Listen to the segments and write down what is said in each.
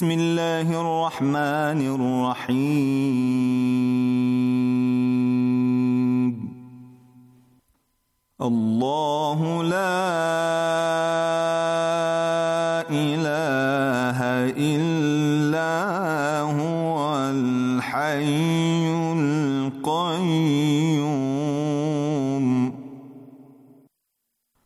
بسم الله الرحمن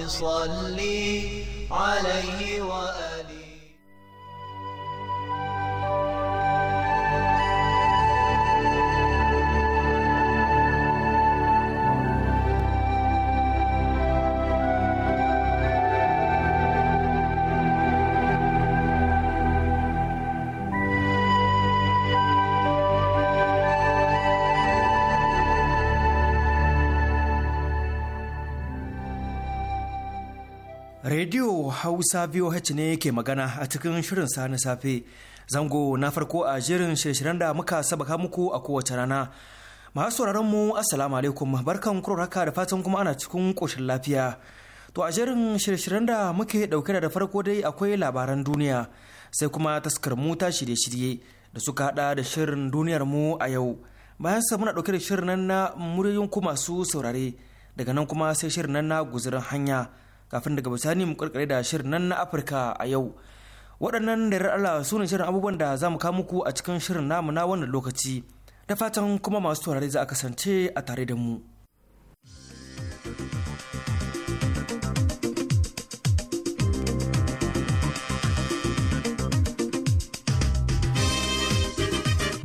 رب صلي عليه وآله Hausa VOH ne ke magana a cikin shirin sa na safe. Zango na farko a shirye shirin da muka sabaka muku a kowace rana. Masu sauraron mu Assalamu alaikum barkan kuraka da fatan kuma ana cikin ƙoshin lafiya. To a shirye shirin da muke ɗauke da farko dai akwai labaran duniya sai kuma taskar mu ta shirye-shirye da suka hada da shirin duniyar mu a yau. Bayan sa muna ɗauke da shirin nan na muryoyin ku masu saurare daga nan kuma sai shirin nan na guzurin hanya. kafin daga bisani mu karkare da shirin nan na afirka a yau waɗannan da Allah su ne shirin abubuwan da za mu kawo muku a cikin shirin namu na wannan lokaci da fatan kuma masu taurari za a kasance a tare da mu.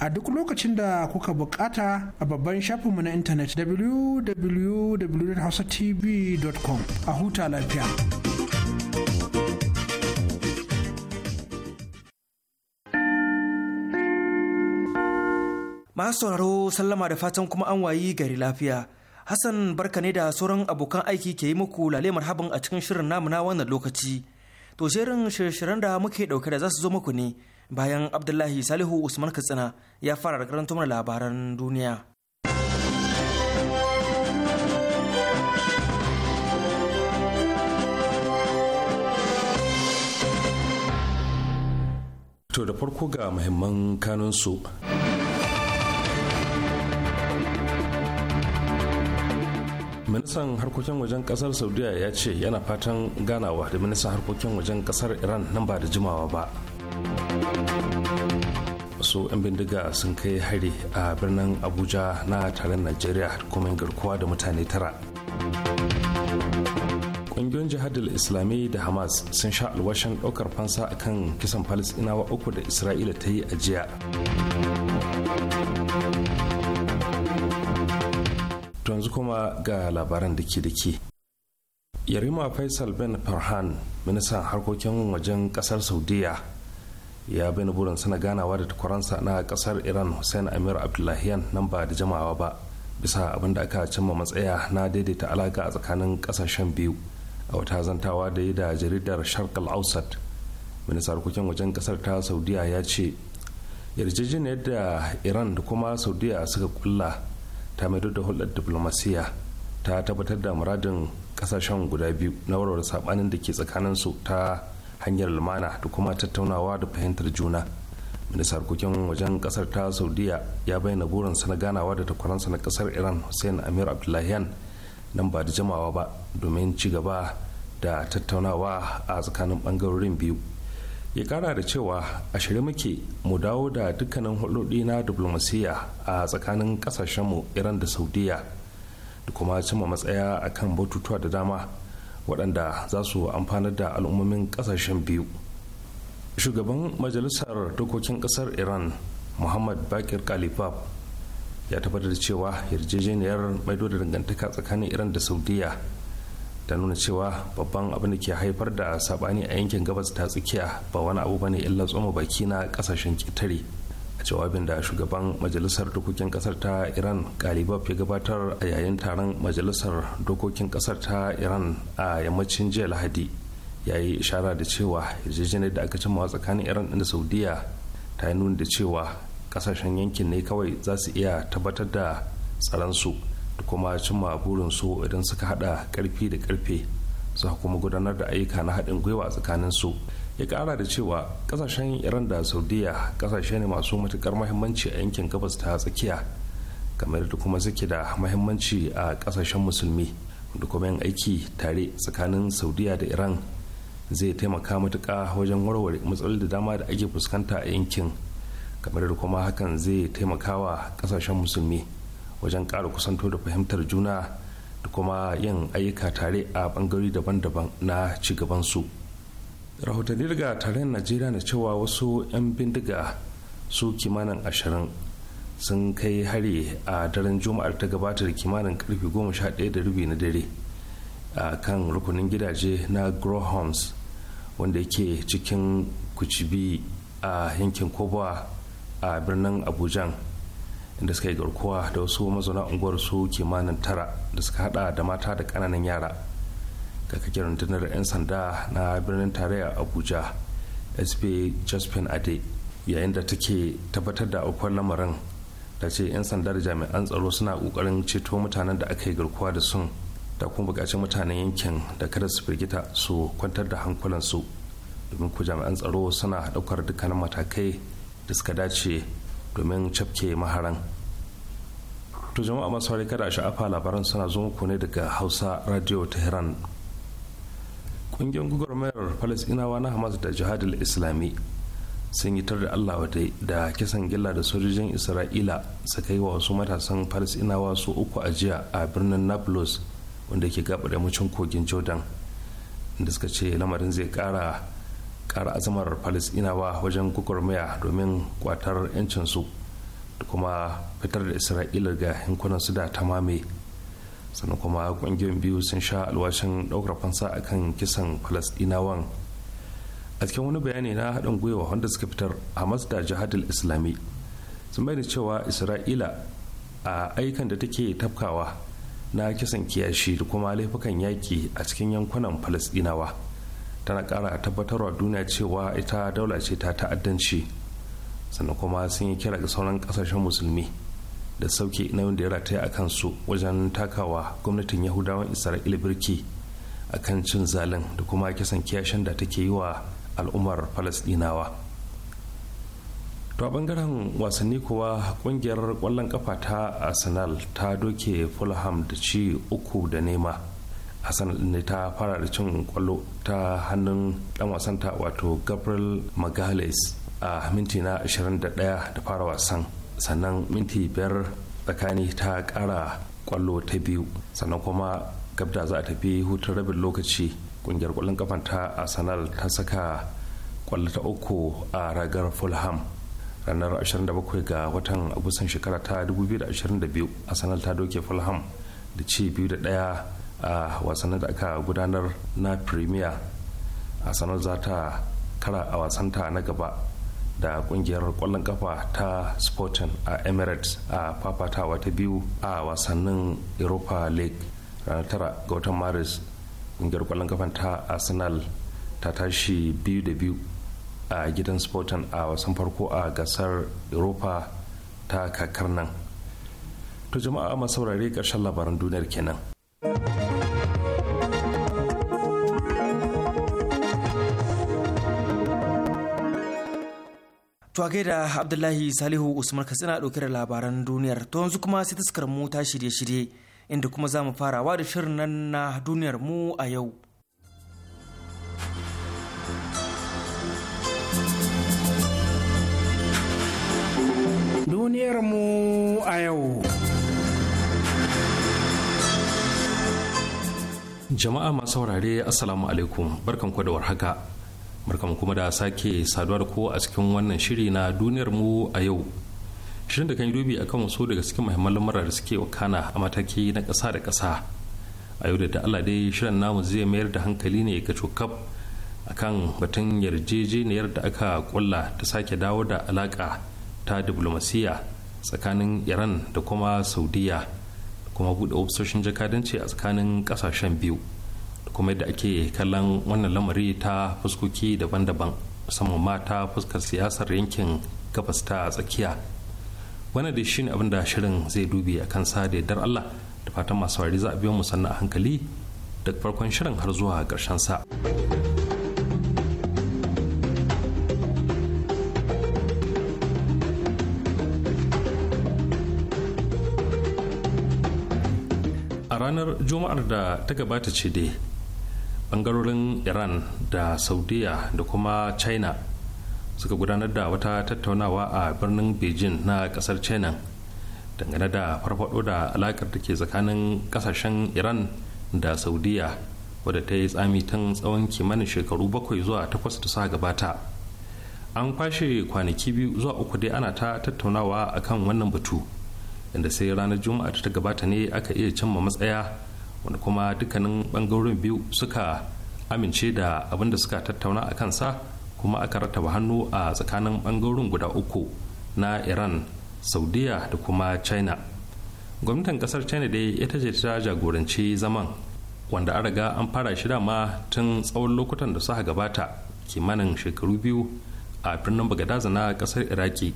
a duk lokacin da kuka bukata a babban shafinmu na intanet www.hausatv.com a huta lafiya. Masu sauraro sallama da fatan kuma an wayi gari lafiya. Hassan barka ne da sauran abokan aiki ke yi muku lale marhaban a cikin shirin namu na wannan lokaci. To shirin shirye da muke dauke da za su zo muku ne. bayan abdullahi salihu usman katsina ya fara da karanto mana labaran duniya to da farko ga muhimman kanunsu ministan harkokin wajen kasar saudiya ya ce yana fatan ganawa da ministan harkokin wajen kasar iran nan ba da jimawa ba wasu 'yan bindiga sun kai hari a birnin abuja na taron najeriya kuma garkuwa da mutane tara ƙungiyoyin jihadar islami da hamas sun sha alwashin ɗaukar fansa a kan kisan Falasinawa uku da isra'ila ta yi a jiya yanzu kuma ga labaran da ke yarima faisal ben farhan ministan harkokin wajen kasar saudiya ya bayyana burin sana ganawa da takwaransa na kasar iran hussein amir abdullahian nan ba da jamawa ba bisa abin da aka cimma matsaya na daidaita alaka a tsakanin kasashen biyu a wata zantawa da yi da jaridar shark al-ausat minista harkokin wajen kasar ta saudiya ya ce yarjejeniyar da iran da kuma saudiya suka kulla ta maido da hulɗar diplomasiya ta tabbatar da muradin kasashen guda biyu na warware sabanin da ke tsakanin su ta hanyar lumana da kuma tattaunawa da fahimtar juna ministan harkokin wajen kasar ta saudiya ya bayyana burinsa na ganawa da takwaransa na kasar iran hussein amir abdullahian nan ba da jamawa ba domin ci gaba da tattaunawa a tsakanin bangarorin biyu ya kara da cewa a shirye muke mu dawo da dukkanin hulɗoɗi na diplomasiyya a tsakanin kasashenmu iran da saudiya da kuma cimma matsaya akan batutuwa da dama waɗanda za su amfanar da al'ummomin ƙasashen biyu shugaban majalisar dokokin ƙasar iran muhammad bakir kalifab ya tabbatar da cewa yarjejeniyar maido da dangantaka tsakanin iran da saudiya ta nuna cewa babban abin da ke haifar da sabani a yankin gabas ta tsakiya ba wani abu ba ne illa tsoma baki na ƙasashen ƙetare a jawabin da shugaban majalisar dokokin kasar ta iran galibab ya gabatar a yayin taron majalisar dokokin kasar ta iran a yammacin jiya lahadi ya yi ishara da cewa yarjejeniyar da aka cimma tsakanin iran da saudiya ta yi nuna da cewa kasashen yankin ne kawai za su iya tabbatar da tsaransu da kuma cimma burinsu idan suka hada karfi da karfe su kuma gudanar da ayyuka na haɗin gwiwa tsakaninsu su ya kara da cewa kasashen iran da saudiya kasashe ne masu matukar mahimmanci a yankin gabas ta tsakiya kamar da kuma suke da mahimmanci a kasashen musulmi da kuma yin aiki tare tsakanin saudiya da iran zai taimaka matuka wajen warware matsaloli da dama da ake fuskanta a yankin kamar da kuma hakan zai taimakawa wa kasashen musulmi wajen ƙara kusanto da fahimtar juna da kuma yin ayyuka tare a bangare daban-daban na ci gabansu. su rahotanni daga tarayyar najeriya na cewa wasu 'yan bindiga su kimanin ashirin sun kai hari a daren juma'ar ta gabatar kimanin karfe goma sha ɗaya da rubi na dare a kan rukunin gidaje na grohoms wanda yake cikin kucibi a yankin kobawa a birnin abujan inda suka yi garkuwa da wasu mazauna unguwar su kimanin tara da suka hada da mata da kananan yara kakakin rundunar 'yan sanda na birnin tarayya abuja sp josephine ade yayin da take tabbatar da aukuwar lamarin da ce 'yan sanda da jami'an tsaro suna kokarin ceto mutanen da aka yi garkuwa da sun da kuma bukaci mutanen yankin da kada su firgita su kwantar da hankulansu domin ku jami'an tsaro suna daukar dukkanin matakai da suka dace domin cafke maharan to jama'a masu kada a sha'afa labaran suna zo muku ne daga hausa radio tehran ƙungiyar gugurmayar falasɗinawa na hamas da jihadul islami sun yi tar da allah wadai da kisan gilla da sojojin isra'ila suka yi wa wasu matasan falasɗinawa su uku a jiya a birnin nablus wanda ke gaba da mucin kogin jordan inda suka ce lamarin zai kara kara azamar falasinawa wajen gugurmaya domin kwatar 'yancinsu da kuma fitar da isra'ila ga yankunan su da ta mame sannan kuma kungiyoyin biyu sun sha alwashin daukar fansa a kan kisan falasdinawan a cikin wani bayani na haɗin gwiwa wanda suka fitar hamas da jihadul islami sun bayyana cewa isra'ila a aikan da take tafkawa na kisan kiyashi da kuma laifukan yaƙi a cikin yankunan falasdinawa tana ƙara tabbatarwa duniya cewa ita daula ce ta ta'addanci sannan kuma sun yi kira ga sauran ƙasashen musulmi da sauke nauyin da ya rataya a kansu wajen takawa gwamnatin yahudawan isra'ila birki a kan cin zalin da kuma kisan kiyashin da take yi wa al'ummar falasdinawa to a bangaren wasanni kuwa kungiyar kwallon kafa ta arsenal ta doke fulham da ci uku da nema arsenal ne ta fara da cin kwallo ta hannun dan wasanta wato gabriel magales a minti na 21 da fara wasan sannan minti biyar tsakani ta kara kwallo ta biyu sannan kuma gabda za a tafi hutun rabin lokaci kungiyar kwallon kafan ta arsenal ta saka kwallo ta uku a ragar fulham ranar 27 ga watan agustan shekara ta 2022 arsenal ta doke fulham da ci biyu da daya a wasannin da aka gudanar na premier arsenal za ta kara a wasanta na gaba da kungiyar kwallon kafa ta sporting a emirates a fafatawa ta biyu a wasannin europa league ranar tara ga watan maris kungiyar kwallon kafa ta arsenal ta tashi biyu da biyu a gidan sporting a wasan farko a gasar europa ta kakar nan to jama'a masaurare karshen labaran duniyar kenan. To a gaida Abdullahi Salihu Usman Katsina ɗauke da labaran duniyar to yanzu kuma sai taskar mu ta shirye-shirye inda kuma za mu wa da shirin nan na duniyar mu a yau. Duniyar mu a yau. Jama'a masu saurare Assalamu alaikum barkan kwadawar haka. barkamu kuma da sake saduwa da kowa a cikin wannan shiri na duniyar mu a yau shirin da kan yi dubi akan wasu daga cikin muhimman lamura da suke kana a mataki na ƙasa da ƙasa a yau da Allah dai shirin namu zai mayar da hankali ne ga cokaf kan batun yarjejeniyar da aka kulla ta sake dawo da alaƙa ta diplomasiya tsakanin iran da kuma saudiya kuma buɗe ofisoshin jakadanci a tsakanin ƙasashen biyu kuma yadda ake kallon wannan lamari ta fuskoki daban-daban musamman mata fuskar siyasar yankin gabas ta tsakiya wannan da shine abin da shirin zai dubi a sa da yardar Allah da fatan masu wari za a biyo musanna sannan a hankali daga farkon shirin har zuwa ƙarshen sa. a ranar juma'ar da ta gabata ce dai bangarorin iran da saudiya da kuma china suka gudanar da wata tattaunawa a birnin beijing na kasar china dangane da farfado da alakar da ke tsakanin kasashen iran da saudiya wadda ta yi tsami tun tsawon kimanin shekaru bakwai zuwa takwas da sa gabata an kwashe kwanaki biyu zuwa uku dai ana ta tattaunawa akan wannan batu inda sai ranar juma'a ta gabata ne aka iya cimma matsaya wanda kuma dukkanin bangarorin biyu suka amince da abin da suka tattauna a kansa kuma aka rattaba hannu a tsakanin bangarorin guda uku na iran saudiya da kuma china gwamnatin kasar china dai ita ce ta jagoranci zaman wanda an riga an fara shi dama tun tsawon lokutan da suka gabata kimanin shekaru biyu a birnin bagadaza na kasar iraki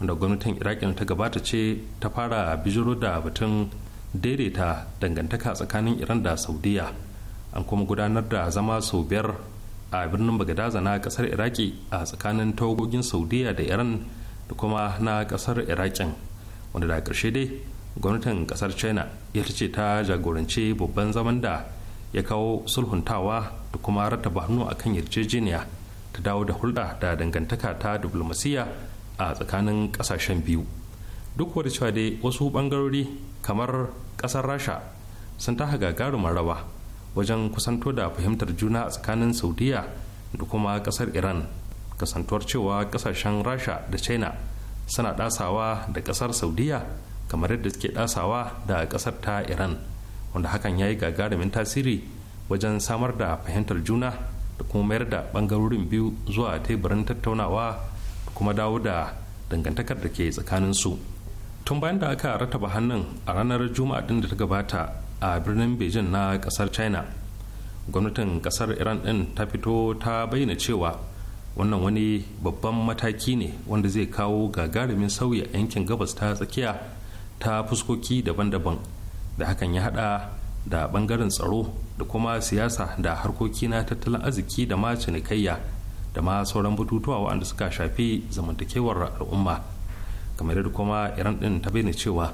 wanda gwamnatin iraki ta gabata ce ta fara bijiro da batun daidaita dangantaka tsakanin iran da saudiya an kuma gudanar da zama sau biyar a birnin bagadaza na kasar iraki a tsakanin tawagogin saudiya da iran da kuma na kasar irakin wanda da ƙarshe dai gwamnatin kasar china ita ce ta jagoranci babban zaman da ya kawo sulhuntawa da kuma rattaba hannu a kan yarjejeniya ta dawo da hulɗa da dangantaka ta diflomasiyya a tsakanin ƙasashen biyu duk wadda cewa dai wasu bangarori kamar kasar rasha sun ta gagarumar rawa wajen kusanto da fahimtar juna a tsakanin saudiya da kuma kasar iran kasantuwar cewa kasashen rasha da china suna dasawa da kasar saudiya kamar yadda suke dasawa da kasar ta iran wanda hakan ya yi gagarumin tasiri wajen samar da fahimtar juna da kuma mayar da bangarorin biyu zuwa teburin tattaunawa da kuma dawo da dangantakar da ke tsakanin su tun bayan da aka rataba hannun a ranar juma'a din da ta gabata a birnin beijing na kasar china gwamnatin kasar iran din ta fito ta bayyana cewa wannan wani babban mataki ne wanda zai kawo gagarumin sauya yankin gabas ta tsakiya ta fuskoki daban-daban da hakan ya hada da bangaren tsaro da kuma siyasa da harkoki na tattalin arziki da ma cinikayya da ma sauran bututuwa waɗanda suka shafi zamantakewar al'umma kamar yadda kuma iran din ta bayyana cewa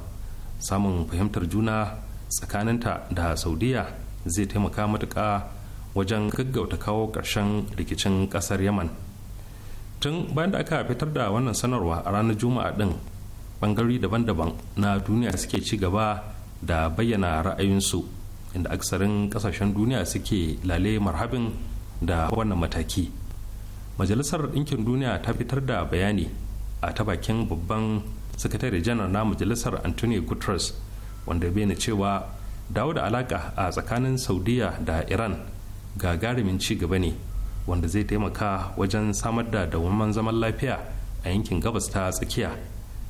samun fahimtar juna tsakaninta da saudiya zai taimaka matuka wajen gaggauta kawo ƙarshen rikicin ƙasar yaman tun bayan da aka fitar da wannan sanarwa a ranar juma'a din bangare daban-daban na duniya suke ci gaba da bayyana ra'ayinsu inda aksarin kasashen duniya suke lale marhabin da wannan mataki majalisar ɗinkin duniya ta fitar da bayani a ta bakin babban sakatare janar na majalisar antonio guterres wanda bayyana cewa dawo da alaka a tsakanin saudiya da iran gagarumin ci gaba ne wanda zai taimaka wajen samar da dawamman zaman lafiya a yankin gabas ta tsakiya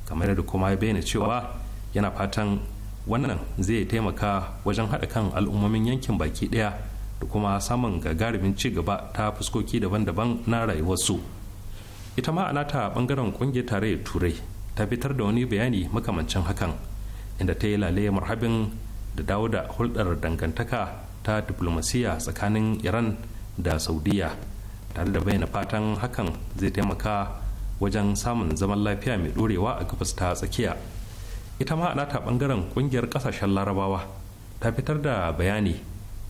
kamar da kuma bayyana cewa yana fatan wannan zai taimaka wajen haɗa kan al'ummomin yankin baki ɗaya da kuma samun gagarumin ci gaba ta fuskoki daban-daban na rayuwarsu. ita ma ana ta bangaren kungiyar tarayyar turai ta fitar da wani bayani makamancin hakan inda ta yi lale marhabin da dawo da hulɗar dangantaka ta diplomasiya tsakanin iran da saudiya tare da bayyana fatan hakan zai taimaka wajen samun zaman lafiya mai ɗorewa a gabas ta tsakiya ita ma ana ta bangaren kungiyar kasashen larabawa ta fitar da bayani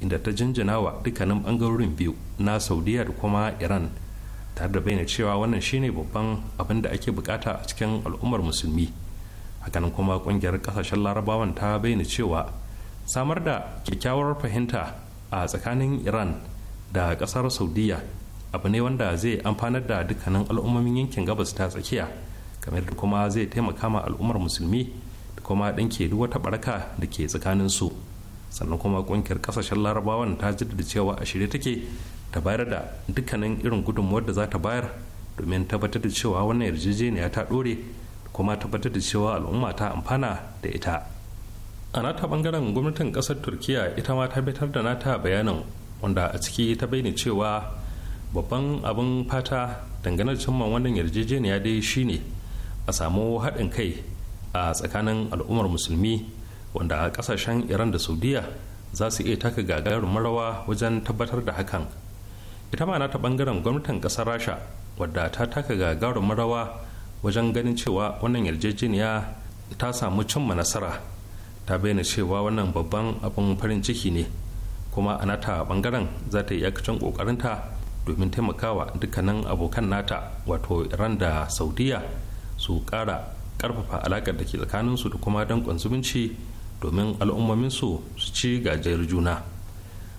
inda ta jinjina wa dukkanin bangarorin biyu na saudiya da kuma iran tare da bayyana cewa wannan shine babban abin da ake bukata a cikin al'ummar musulmi hakanan kuma kungiyar kasashen larabawan ta bayyana cewa samar da kyakkyawar fahimta a tsakanin iran da kasar saudiya abu ne wanda zai amfanar da dukkanin al'ummomin yankin gabas ta tsakiya kamar da kuma zai taimaka ma al'ummar musulmi da kuma ke duk wata baraka da ke tsakanin su sannan kuma kungiyar kasashen larabawan ta jaddada cewa a shirye take ta bayar da dukkanin irin gudunmuwar da za ta bayar domin tabbatar da cewa wannan yarjejeniya ta ɗore kuma tabbatar da cewa al'umma ta amfana da ita a nata bangaren gwamnatin ƙasar turkiya ita ma ta fitar da nata bayanin wanda a ciki ta bayyana cewa babban abin fata dangane da cimma wannan yarjejeniya dai shine a samu haɗin kai a tsakanin al'ummar musulmi wanda a ƙasashen iran da saudiya za su iya taka gagarumin rawa wajen tabbatar da hakan ita ma ta bangaren gwamnatin kasar rasha wadda ta taka gagarumin rawa wajen ganin cewa wannan yarjejeniya ta samu cimma nasara ta bayyana cewa wannan babban abin farin ciki ne kuma a nata bangaren za ta yi yakacin kokarinta domin taimakawa dukkanin abokan nata wato iran da saudiya su kara karfafa alakar da ke tsakaninsu da kuma dankon zumunci domin al'ummominsu su ci gajiyar juna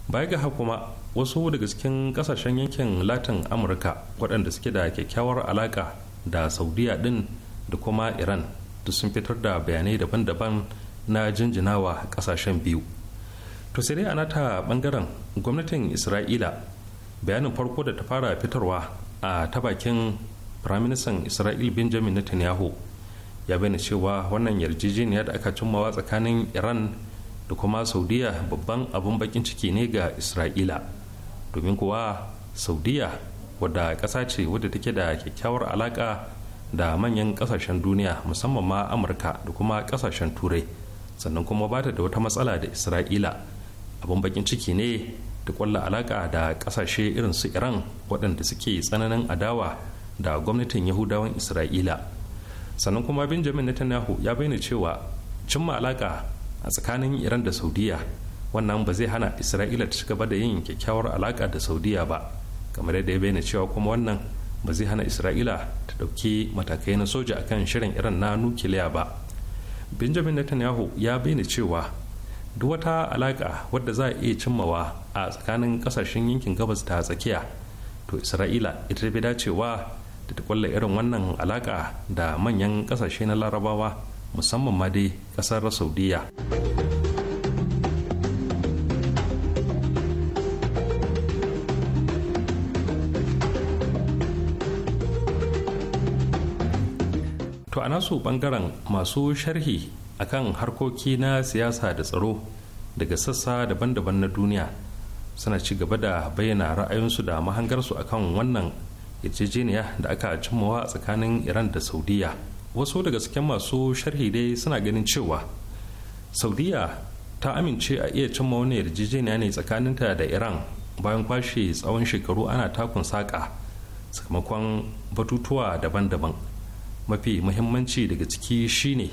baya ga kuma wasu daga cikin kasashen yankin latin amurka waɗanda suke da kyakkyawar alaƙa da saudiya ɗin da kuma iran da sun fitar da bayanai daban-daban na jinjinawa kasashen biyu to sai dai a nata ɓangaren gwamnatin isra'ila bayanin farko da ta fara fitarwa a ta bakin firaministan isra'il benjamin netanyahu ya bayyana cewa wannan yarjejeniya da aka cimmawa tsakanin iran da kuma saudiya babban abin bakin ciki ne ga isra'ila domin kuwa saudiya wadda ƙasa ce wadda take da kyakkyawar alaƙa da manyan ƙasashen duniya musamman ma amurka da kuma ƙasashen turai sannan kuma ba ta da wata matsala da isra'ila abin bakin ciki ne ta kwalla alaƙa da ƙasashe irin su iran waɗanda suke tsananin adawa da gwamnatin yahudawan isra'ila sannan kuma benjamin netanyahu ya bayyana cewa cimma alaƙa a tsakanin iran da saudiya wannan ba zai hana isra'ila ta cigaba da yin kyakkyawar alaka da saudiya ba kamar yadda ya bayyana cewa kuma wannan ba zai hana isra'ila ta ɗauki matakai na soja akan shirin iran na nukiliya ba benjamin netanyahu ya bayyana cewa duk wata alaƙa wadda za a iya cimmawa a tsakanin ƙasashen yankin gabas ta tsakiya to isra'ila ita ta fi dacewa da ta kwalla irin wannan alaƙa da manyan ƙasashe na larabawa musamman ma dai ƙasar saudiya to a nasu bangaren masu sharhi akan harkoki na siyasa da tsaro daga sassa daban-daban na duniya suna ci gaba da bayyana ra'ayinsu da mahangarsu akan wannan yarjejeniya da aka cimmawa a tsakanin iran da saudiya wasu daga cikin masu sharhi dai suna ganin cewa saudiya ta amince a iya cimma wani yarjejeniya ne tsakaninta da iran bayan kwashe tsawon shekaru ana takun saƙa sakamakon batutuwa daban-daban mafi muhimmanci daga ciki shine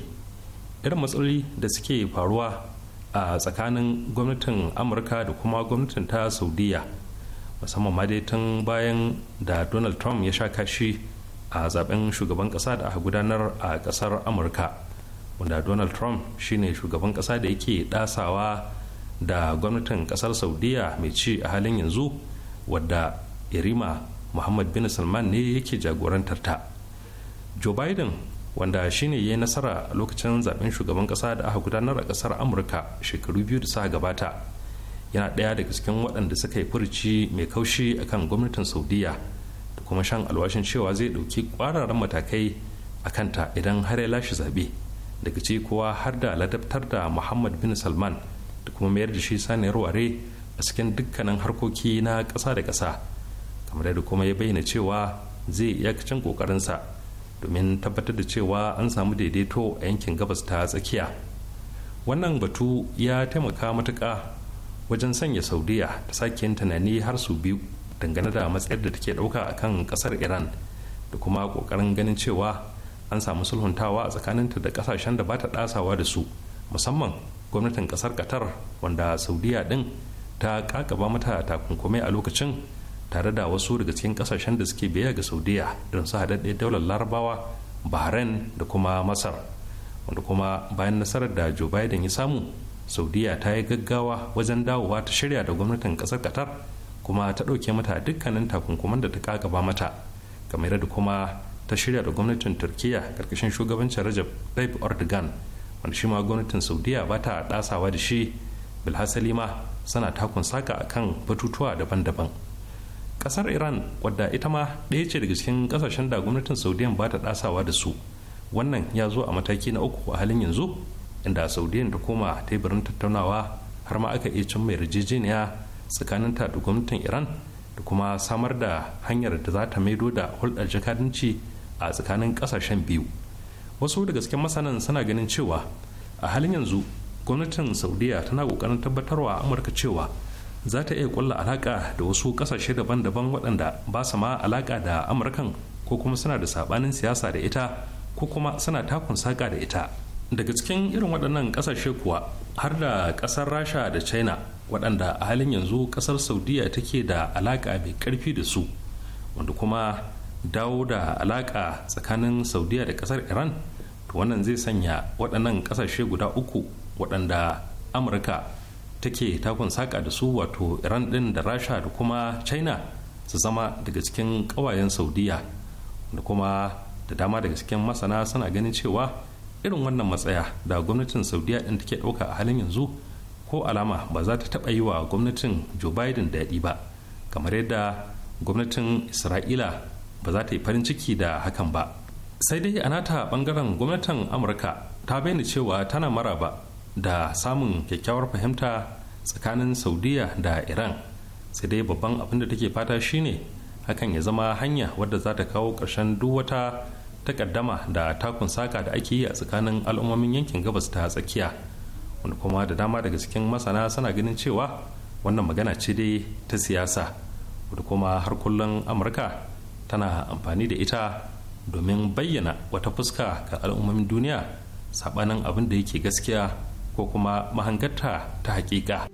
irin matsaloli da suke faruwa a tsakanin gwamnatin amurka da kuma gwamnatin ta saudiya musamman ma dai tun bayan da donald trump ya sha kashi a zaben shugaban kasa da aka gudanar a kasar amurka wanda donald trump shine shugaban kasa da yake dasawa da gwamnatin kasar saudiya mai ci a halin yanzu wadda irima muhammad bin salman ne yake jagorantar ta joe biden wanda shine ya yi nasara a lokacin zaben shugaban kasa da aka gudanar a kasar amurka shekaru biyu da suka gabata yana ɗaya daga cikin waɗanda suka yi furuci mai kaushi akan gwamnatin Saudiyya da kuma shan alwashin cewa zai ɗauki ƙwararren matakai a kanta idan har ya lashe zaɓe daga ci kuwa har da ladabtar da muhammad bin salman da kuma mayar da shi saniyar ware a cikin dukkanin harkoki na ƙasa da ƙasa kamar da kuma ya bayyana cewa zai iyakacin ƙoƙarinsa domin tabbatar da cewa an samu daidaito a yankin gabas ta tsakiya wannan batu ya taimaka matuƙa wajen sanya saudiya ta sake yin tunani har su biyu dangane da matsayar da take ɗauka a kan ƙasar iran da kuma ƙoƙarin ganin cewa an samu sulhuntawa a tsakaninta da ƙasashen da ba ta ɗasawa da su musamman gwamnatin ƙasar qatar wanda saudiya ɗin ta ƙaƙaba mata takunkumai a lokacin tare da wasu daga cikin kasashen da suke biya ga saudiya irin su haɗaɗɗe daular larabawa bahrain da kuma masar wanda kuma bayan nasarar da joe biden ya samu saudiya ta yi gaggawa wajen dawowa ta shirya da gwamnatin ƙasar qatar kuma ta ɗauke mata dukkanin takunkuman da ta kagaba mata kamar da kuma ta shirya da gwamnatin turkiya karkashin shugabancin rajab tayyip erdogan wanda shi ma gwamnatin saudiya ba ta ɗasawa da shi bilhassali ma suna takun saka akan batutuwa daban-daban kasar iran wadda ita ma ɗaya ce daga cikin kasashen da gwamnatin saudiyan ba ta ɗasawa da su wannan ya zo a mataki na uku a halin yanzu inda saudiyan ta koma teburin tattaunawa har ma aka iya cimma yarjejeniya tsakanin ta da gwamnatin iran da kuma samar da hanyar da za ta maido da hulɗar jakadanci a tsakanin kasashen biyu wasu da gaske masanan suna ganin cewa a halin yanzu gwamnatin saudiya tana kokarin tabbatarwa amurka cewa za ta iya kulla alaka da wasu kasashe daban-daban waɗanda ba su ma alaka da amurkan ko kuma suna da sabanin siyasa da ita ko kuma suna takun saka da ita daga cikin irin waɗannan kasashe kuwa har da ƙasar rasha da china waɗanda a halin yanzu ƙasar saudiya take da alaka mai ƙarfi da su wanda kuma dawo da alaka tsakanin saudiya da ƙasar iran to wannan zai sanya waɗannan ƙasashe guda uku waɗanda amurka take takon saka da su wato iran din da rasha da kuma china su zama daga cikin ƙawayen saudiya da kuma da dama daga cikin masana suna ganin cewa irin wannan matsaya da gwamnatin saudiya din take ɗauka a halin yanzu ko alama ba za ta taɓa yi wa gwamnatin joe biden daɗi ba kamar yadda gwamnatin isra'ila ba za ta yi farin ciki da hakan ba sai dai a nata ɓangaren gwamnatin amurka ta bayyana cewa tana maraba da samun kyakkyawar fahimta tsakanin saudiya da iran sai dai babban abin da take fata shine hakan ya zama hanya wadda za ta kawo ƙarshen duk wata takaddama da takun saka da ake yi a tsakanin al'ummomin yankin gabas ta tsakiya wani kuma da dama daga cikin masana suna ganin cewa wannan magana ce dai ta siyasa wadda kuma har kullum amurka tana amfani da ita domin bayyana wata fuska ga al'ummomin duniya saɓanin abin da yake gaskiya ko kuma mahangarta ta hakika.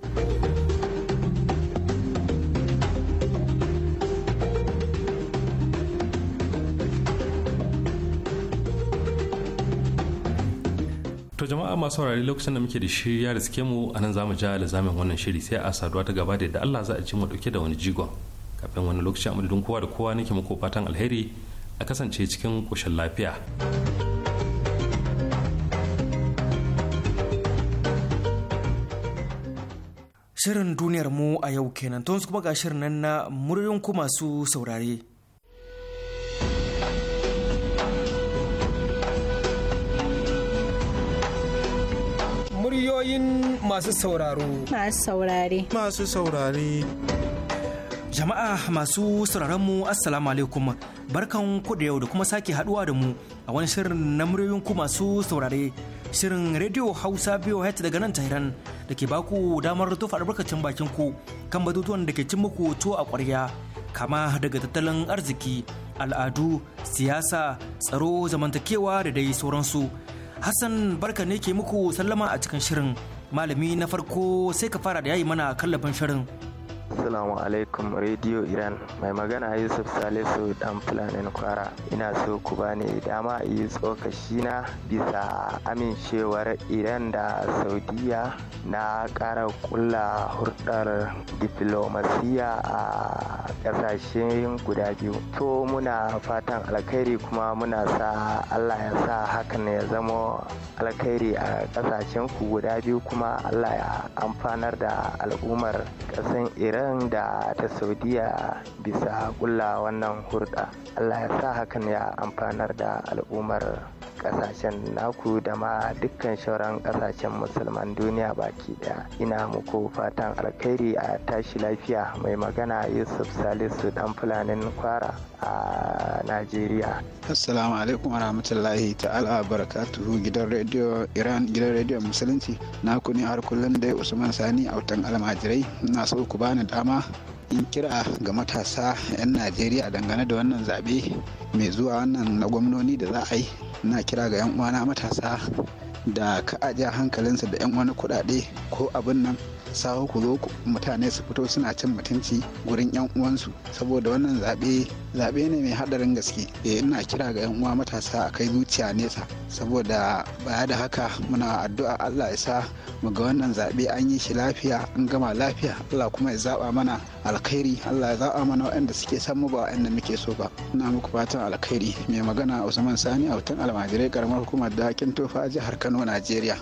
To jama'a masu saurari lokacin da muke da shirya da suke mu a nan zamu ja zamin wannan shiri sai a saduwa ta gaba da yadda Allah za a ci mu dauke da wani jigon. Kafin wani lokaci a madadin kowa da kowa nake muku fatan alheri a kasance cikin koshin lafiya. Shirin duniyar mu a yau kenan tun kuma ga shirin nan na muryoyin ku masu saurare. Muryoyin masu sauraro. Masu saurare. Masu saurare. Jama'a masu sauraron mu Assalamu alaikum barkan ku da yau da kuma sake haduwa da mu a wani shirin na muryoyin ku masu saurare. Shirin Radio Hausa VOH daga nan Tehran da ke baku damar tufa albarkacin bakin ku kan batutuwan da ke cin muku tuwo a kwarya kama daga tattalin arziki, al'adu, siyasa, tsaro, zamantakewa da dai sauransu. Hassan barka ne ke muku sallama a cikin shirin. Malami na farko sai ka fara da yayi mana kallafin shirin. Assalamu alaikum Radio Iran mai magana Yusuf Salisu dan Fulanin Kwara ina so ku bani dama yi tsokaci na bisa amincewar Iran da Saudiya na ƙara kulla hurɗar diplomasiya a ƙasashen guda biyu. To muna fatan alkhairi kuma muna sa Allah ya sa hakan ya zama alkhairi a ƙasashen ku guda biyu kuma Allah ya amfanar da al'ummar ƙasan Iran iran da ta saudiya bisa kulla wannan hurɗa allah ya sa hakan ya amfanar da al'ummar kasashen naku da ma dukkan shauran kasashen musulman duniya baki ɗaya ina muku fatan alkhairi a tashi lafiya mai magana yusuf salisu dan fulanin kwara a najeriya assalamu alaikum warahmatullahi ta'ala barakatuhu gidan rediyo iran gidan rediyo musulunci naku ne har kullum dai usman sani a wutan almajirai ina so ku bani dama in kira ga matasa 'yan najeriya dangane da wannan zaɓe mai zuwa wannan na gwamnoni da za a yi na kira ga 'yan uwana matasa da ka ajiya hankalinsa da 'yan wani kuɗaɗe ko abin nan sawo ku zo mutane su fito suna cin mutunci gurin yan uwansu saboda wannan zabe zaɓe ne mai haɗarin gaske e ina kira ga yan uwa matasa a kai zuciya nesa saboda baya da haka muna addu'a Allah ya sa mu ga wannan zaɓe an yi shi lafiya an gama lafiya Allah kuma ya zaɓa mana alkhairi Allah ya zaɓa mana waɗanda suke san mu ba waɗanda muke so ba ina muku fatan alkhairi mai magana Usman Sani a wutan almajirai karamar hukumar da hakin tofa a jihar Kano Najeriya.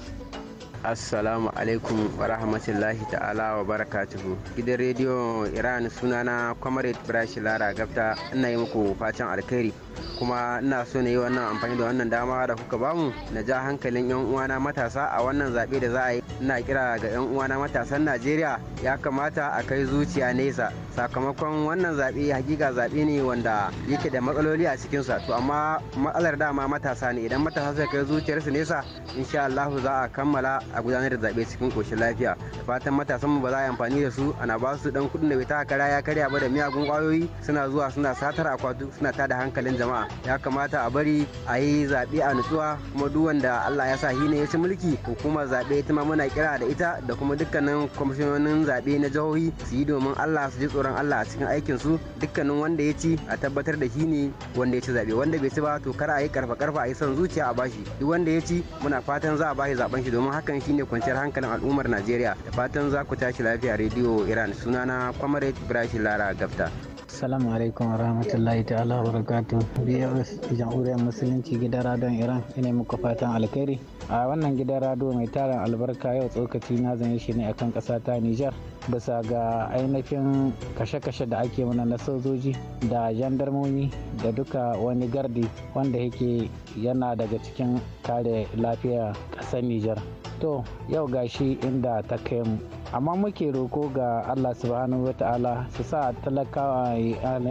assalamu alaikum wa rahmatullahi ta'ala wa barakatuhu gidan rediyon iran sunana comrade brashi lara gafta ina yi muku fatan alkhairi kuma ina so na yi wannan amfani da wannan dama da kuka bamu na ja hankalin yan uwana matasa a wannan zaɓe da za a yi ina kira ga yan uwana matasan najeriya ya kamata a kai zuciya nesa sakamakon wannan zaɓe hakika zaɓe ne wanda yake da matsaloli a cikinsa to amma matsalar dama matasa ne idan matasa suka kai zuciyarsu nesa insha allahu za a kammala a gudanar da zaɓe cikin koshin lafiya fatan matasan mu ba za a yi amfani da su ana ba su dan kuɗin da bai ta kara ya karya ba da miyagun kwayoyi suna zuwa suna satar akwatu suna tada hankalin jama'a jama'a ya kamata a bari a yi zaɓe a nutsuwa kuma duk wanda Allah ya sa ne ya ci mulki hukumar zaɓe ita ma muna kira da ita da kuma dukkanin kwamishinonin zaɓe na jihohi su yi domin Allah su ji tsoron Allah a cikin aikin su dukkanin wanda ya ci a tabbatar da shi ne wanda ya ci zaɓe wanda bai ci ba to kar a yi karfa karfa a yi son zuciya a bashi duk wanda ya ci muna fatan za a bashi zaben shi domin hakan shine kwanciyar hankalin al'ummar Najeriya da fatan za ku tashi lafiya rediyo Iran sunana Comrade Ibrahim Lara Gafta. Assalamu alaikum warahmatullahi ta'ala barakatu BOS Jamhuriyar Musulunci gidan radon Iran ina muku fatan alkhairi. A wannan gidan rado mai tarin albarka yau tsokaci na zan shi ne akan ƙasa ta Nijar. bisa ga ainihin kashe-kashe da ake mana na sojoji da jandarmomi da duka wani gardi wanda yake yana daga cikin kare lafiya ƙasar Nijar. To yau gashi inda ta kai mu. amma muke roko ga Allah subhanahu wa ta'ala su sa talakawa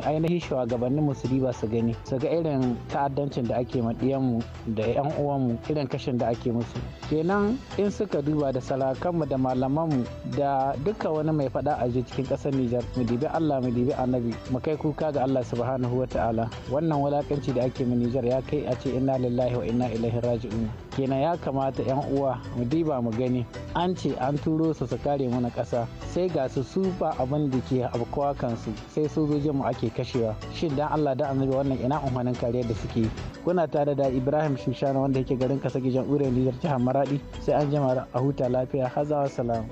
ainihin shugabannin musulmi ba su gani su ga irin ta'addancin da ake maɗiyanmu da 'yan uwanmu irin kashin da ake musu kenan in suka duba da salakanmu da malamanmu da duka wani wani mai faɗa a ji cikin ƙasar Nijar mu dibi Allah mu dibi Annabi mu kai kuka ga Allah subhanahu ta'ala wannan wulakanci da ake mu Nijar ya kai a ce inna lillahi wa inna ilaihi raji'un kenan ya kamata yan uwa mu diba mu gani an ce an turo su su kare na ƙasa sai ga su su ba abin da ke afkuwa kansu sai sojojin mu ake kashewa shin dan Allah da Annabi wannan ina umarnin kariya da suke kuna tare da Ibrahim Shushana wanda yake garin Kasagi Ure Nijar jihar Maradi sai an jima a huta lafiya hazawa salam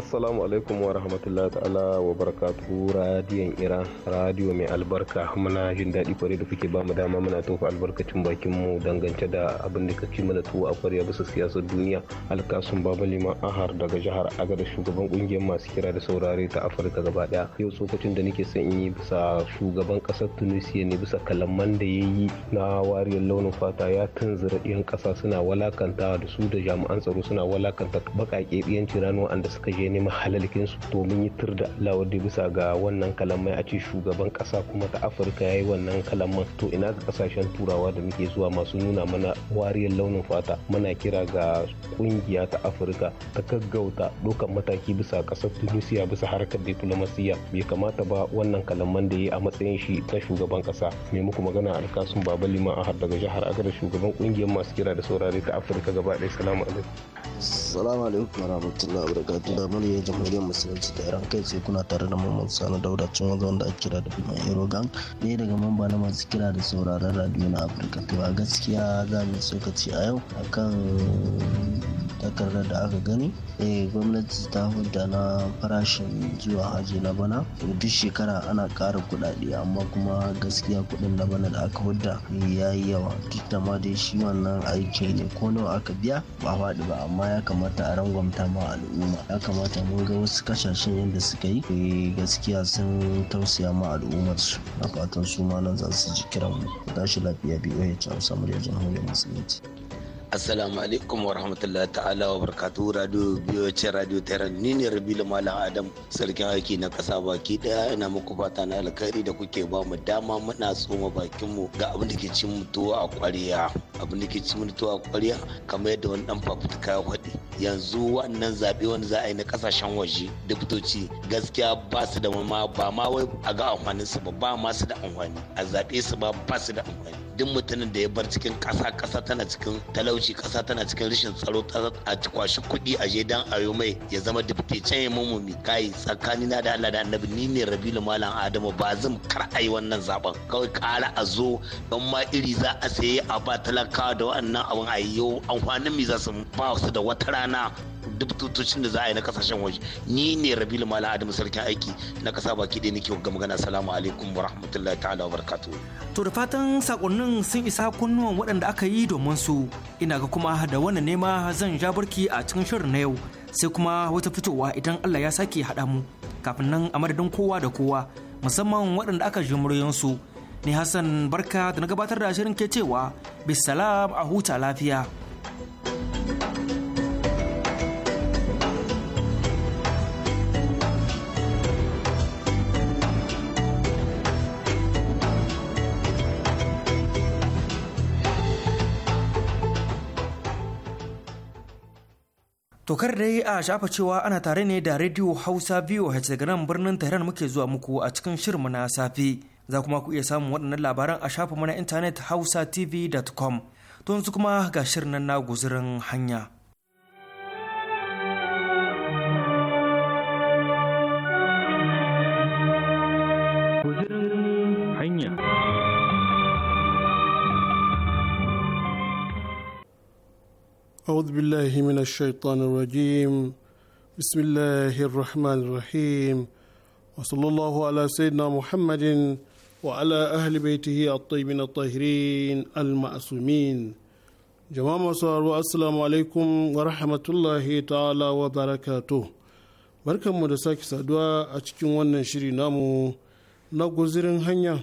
assalamu alaikum wa rahmatullahi ta'ala wa barakatuhu radiyon iran radiyo mai albarka muna jin daɗi kwarai da kuke bamu dama muna tofa albarkacin bakin mu dangance da abin da kake mana tuwo a kwarya bisa siyasar duniya alkasun baba liman ahar daga jihar aga da shugaban kungiyar masu kira da saurare ta afirka gaba daya yau tsokacin da nake son yi bisa shugaban ƙasar tunisia ne bisa kalaman da ya yi na wariyar launin fata ya tunzura ɗiyan ƙasa suna walakanta da su da jami'an tsaro suna walakanta baƙaƙe ɗiyan cirano anda suka je nemi halalikin su to mun yi tur da Allah bisa ga wannan kalamai a ce shugaban kasa kuma ta Afirka yi wannan kalaman to ina ga kasashen turawa da muke zuwa masu nuna mana wariyar launin fata muna kira ga kungiya ta Afirka ta gaggauta dokan mataki bisa kasar Tunisia bisa harkar diplomasiya bai kamata ba wannan kalaman da yi a matsayin shi ta shugaban kasa me muku magana alkasun baba liman ahar daga jihar agadar shugaban kungiyar masu kira da saurare ta Afirka gaba ɗaya salamu alaikum salamu alaikum warahmatullahi wabarakatuh muryar jamhuriyar musulunci ta iran kai sai kuna tare da mamman sani dauda cin wanzu wanda ake kira da biman erogan ɗaya daga mamba na masu kira da sauraron radiyo na afirka to a gaskiya za mu sokaci a yau akan takardar da aka gani eh gwamnati ta hudda na farashin zuwa haji na bana duk shekara ana ƙara kuɗaɗe amma kuma gaskiya kuɗin na bana da aka hudda ya yi yawa duk da ma dai shi wannan aiki ne ko nawa aka biya ba faɗi ba amma ya kamata a rangwamta ma al'umma ya kamata mun ga wasu kasashen yadda suka yi eh, gaskiya sun tausaya ma su a fatan su ma nan za su ji kiran mu tashi lafiya biyu ya ci hausa murya jamhuriyar musulunci. Assalamu alaikum wa rahmatullahi ta'ala wa barkatu radio biyoce radio terran ni ne Rabilu Malam Adam sarkin aiki na kasa baki daya ina muku fata na alkhairi da kuke ba mu dama muna tsoma bakin mu ga abin da ke cin mutuwa a kwariya abin da ke cin mutuwa a kwariya kamar yadda wani dan fafutuka ya faɗi yanzu wannan zabe wani za a yi na kasashen waje fitoci gaskiya ba su da ma ba ma wai a ga amfanin su ba ba ma su da amfani a zabe su ba ba su da amfani duk mutumin da ya bar cikin kasa kasa tana cikin talauci talauci kasa tana cikin rashin tsaro a kwashi kuɗi a je dan ayo mai ya zama dubte can ya mu mi kai na da Allah da Annabi ni ne Rabilu Malam Adamu ba zan kar ai wannan zaben kawai kara a zo don ma iri za a saye a ba talakawa da wannan abun a yau kwanan mi za su ba su da wata rana duk tutocin da za a yi na kasashen waje ni ne rabilu mala adamu sarkin aiki na kasa baki da nake ga magana salamu alaikum wa rahmatullahi ta'ala wa to da fatan sakonnin sun isa kunnuwan waɗanda aka yi domin su ina ga kuma da wannan nema zan ja barki a cikin shirin na yau sai kuma wata fitowa idan Allah ya sake haɗa mu kafin nan a madadin kowa da kowa musamman waɗanda aka ji muryansu ni Hassan barka da na gabatar da shirin ke cewa bisalam a huta lafiya Tokar dai a shafa cewa ana tare ne da Radio Hausa VOH daga nan birnin Tehran muke zuwa muku a cikin mu na safe. Za kuma ku iya samun waɗannan labaran a shafa na intanet hausatv.com. tun su kuma ga shirin nan na guzurin hanya. أعوذ بالله من الشيطان الرجيم بسم الله الرحمن الرحيم وصلى الله على سيدنا محمد وعلى أهل بيته الطيبين الطاهرين المعصومين جماعة مصار والسلام عليكم ورحمة الله تعالى وبركاته barkan mu da sake saduwa a cikin wannan shiri namu na guzirin hanya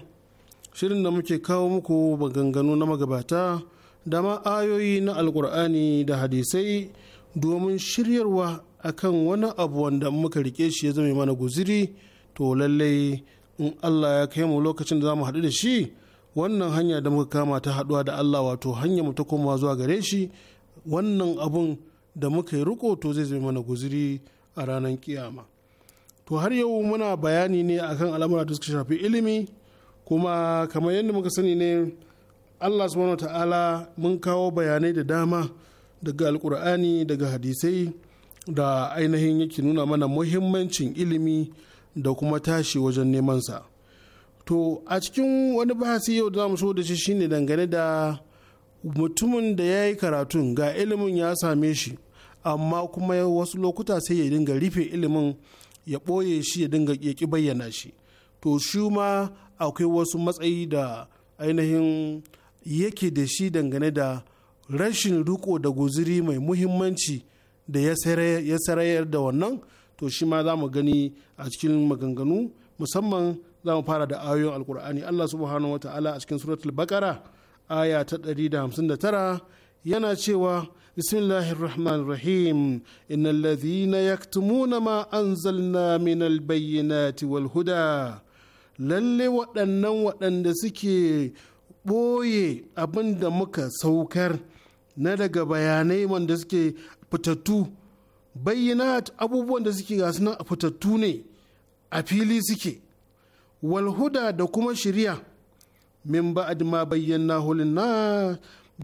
shirin da muke kawo muku maganganu na magabata da ma ayoyi na alkur'ani da hadisai domin shiryarwa akan wani abu wanda muka rike shi ya zama mana guziri to lallai in Allah ya kai mu lokacin da za mu haɗu da shi wannan hanya da muka kama ta haɗuwa da Allah wato hanya mu ta koma zuwa gare shi wannan abun da muka yi riko to zai zama mana guziri a ranar kiyama to har yau muna bayani ne akan al'amura da suka shafi ilimi kuma kamar yadda muka sani ne allah subhanahu ta'ala mun kawo bayanai da dama daga alkur'ani daga hadisai da ainihin yake nuna mana muhimmancin ilimi da kuma tashi wajen nemansa to a cikin wani bahasi yau da mu so da shi shine dangane da mutumin da ya yi karatun ga ilimin ya same shi amma kuma wasu lokuta sai ya dinga rufe ilimin ya ɓoye shi ya dinga ƙi bayyana shi to shi ma akwai wasu matsayi da ainihin yake da shi dangane da rashin riko da guziri mai muhimmanci da ya sarayar da wannan to shi ma za mu gani a cikin maganganu musamman za mu fara da ayoyin alkur'ani allah subhanahu wa ta'ala a cikin suratul bakara aya ta 159 yana cewa بسم الله الرحمن الرحيم إن الذين يكتمون ما أنزلنا من البينات والهدى lalle waɗannan waɗanda suke ɓoye abin da muka saukar na daga bayanai wanda suke fitattu bayyana abubuwan da suke gasu nan fitattu ne a fili suke walhuda da kuma shirya min ba'ad ma bayyana hulina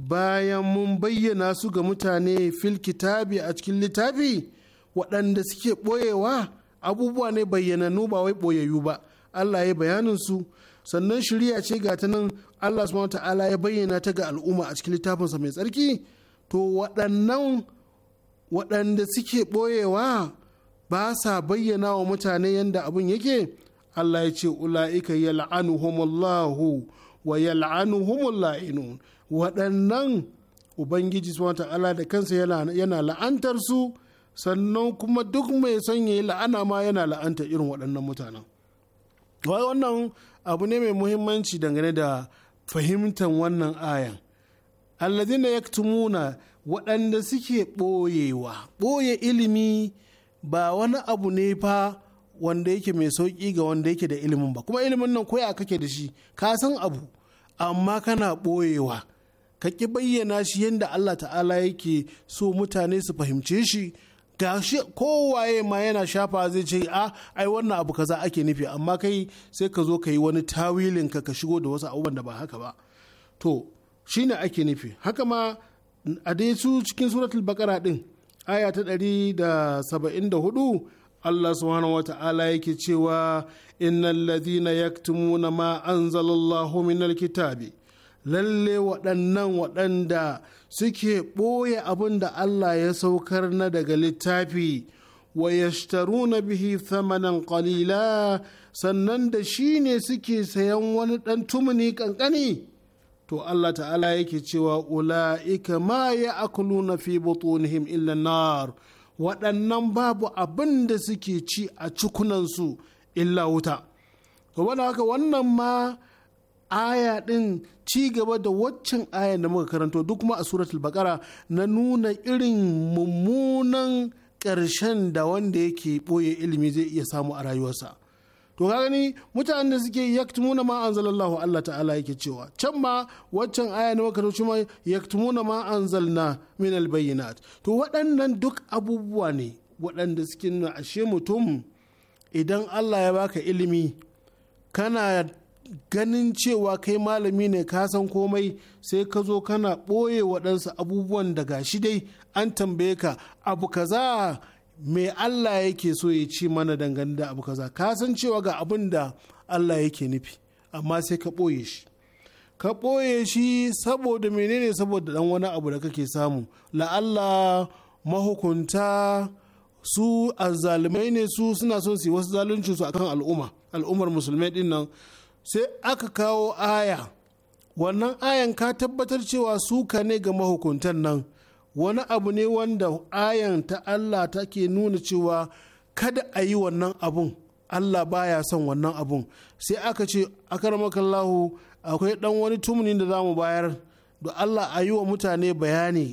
bayan mun bayyana su ga mutane fil kitabi a cikin littafi waɗanda suke ɓoyewa abubuwa ne bayyananu ba wai ɓoyayyu ba Allah ya bayanin su sannan shirya ce ga ta nan Allah subhanahu ta'ala ya bayyana ta ga al'umma a cikin littafinsa mai tsarki to waɗannan waɗanda suke ɓoyewa ba sa bayyana wa mutane yadda abin yake Allah ya ce ula'ika yal'anuhumullahu wa yal'anuhumul la'inun waɗannan ubangiji subhanahu ta'ala da kansa yana la'antar su sannan kuma duk mai son yayi la'ana ma yana la'anta irin waɗannan mutanen wai wannan abu ne mai muhimmanci dangane da fahimtar wannan ayan allazina yaktumuna waɗanda suke ɓoyewa ɓoye ilimi ba wani abu ne fa wanda yake mai sauƙi ga wanda yake da ilimin ba kuma ilimin nan koya kake da shi ka san abu amma kana ɓoyewa ka ƙi bayyana shi yadda allah ta'ala yake so mutane su fahimce shi shi kowaye ma yana shafa zai ce a ah, ai wannan abu kaza ake nufi amma kai sai ka zo ka yi wani tawilin ka ka shigo da wasu abubuwan da ba haka ba to shine ake nufi haka ma a dai su cikin suratul bakara din aya ta 174 Allah subhanahu wata'ala yake cewa innal ladhina yaktumuna ma anzalallahu minal kitabi lalle waɗannan waɗanda suke ɓoye abin da Allah ya saukar na daga littafi wa na bihi thamanan qalila sannan da shi ne suke sayan wani ɗan tumuni ƙanƙani to Allah ta'ala yake cewa ula'ika ma ya na fi butunihim illa nar waɗannan babu abin da suke ci a cikunansu illa wuta to haka wannan ma aya ɗin ci gaba da waccan aya da muka karanto duk kuma a suratul bakara na nuna irin mummunan ƙarshen da wanda yake boye ilimi zai iya samu a rayuwarsa to ka gani mutanen da suke yaktumuna ma anzalallahu Allah ta'ala yake cewa can ma waccan aya na karanto ma yaktumuna ma anzalna min albayyinat to waɗannan duk abubuwa ne waɗanda suke nuna ashe mutum idan Allah ya baka ilimi kana ganin cewa kai malami ne ka san komai sai ka zo kana ɓoye waɗansu abubuwan daga shi dai an tambaye ka abu kaza me Allah yake so ya ci mana dangane da abu kaza ka san cewa ga abin da Allah yake nufi amma sai ka ɓoye shi ka ɓoye shi saboda menene saboda dan wani abu da kake samu la'alla mahukunta su azzalumai ne su suna son su yi wasu zaluncin su akan al'umma al'ummar musulmai din sai aka kawo aya wannan ayan ka tabbatar cewa suka ne ga mahukuntan nan wani abu ne wanda ayan ta Allah take nuna cewa kada a yi wannan abun Allah baya son wannan abun sai aka ce akaramakallahu akwai dan wani tumuni da za mu bayar da Allah a yi wa mutane bayani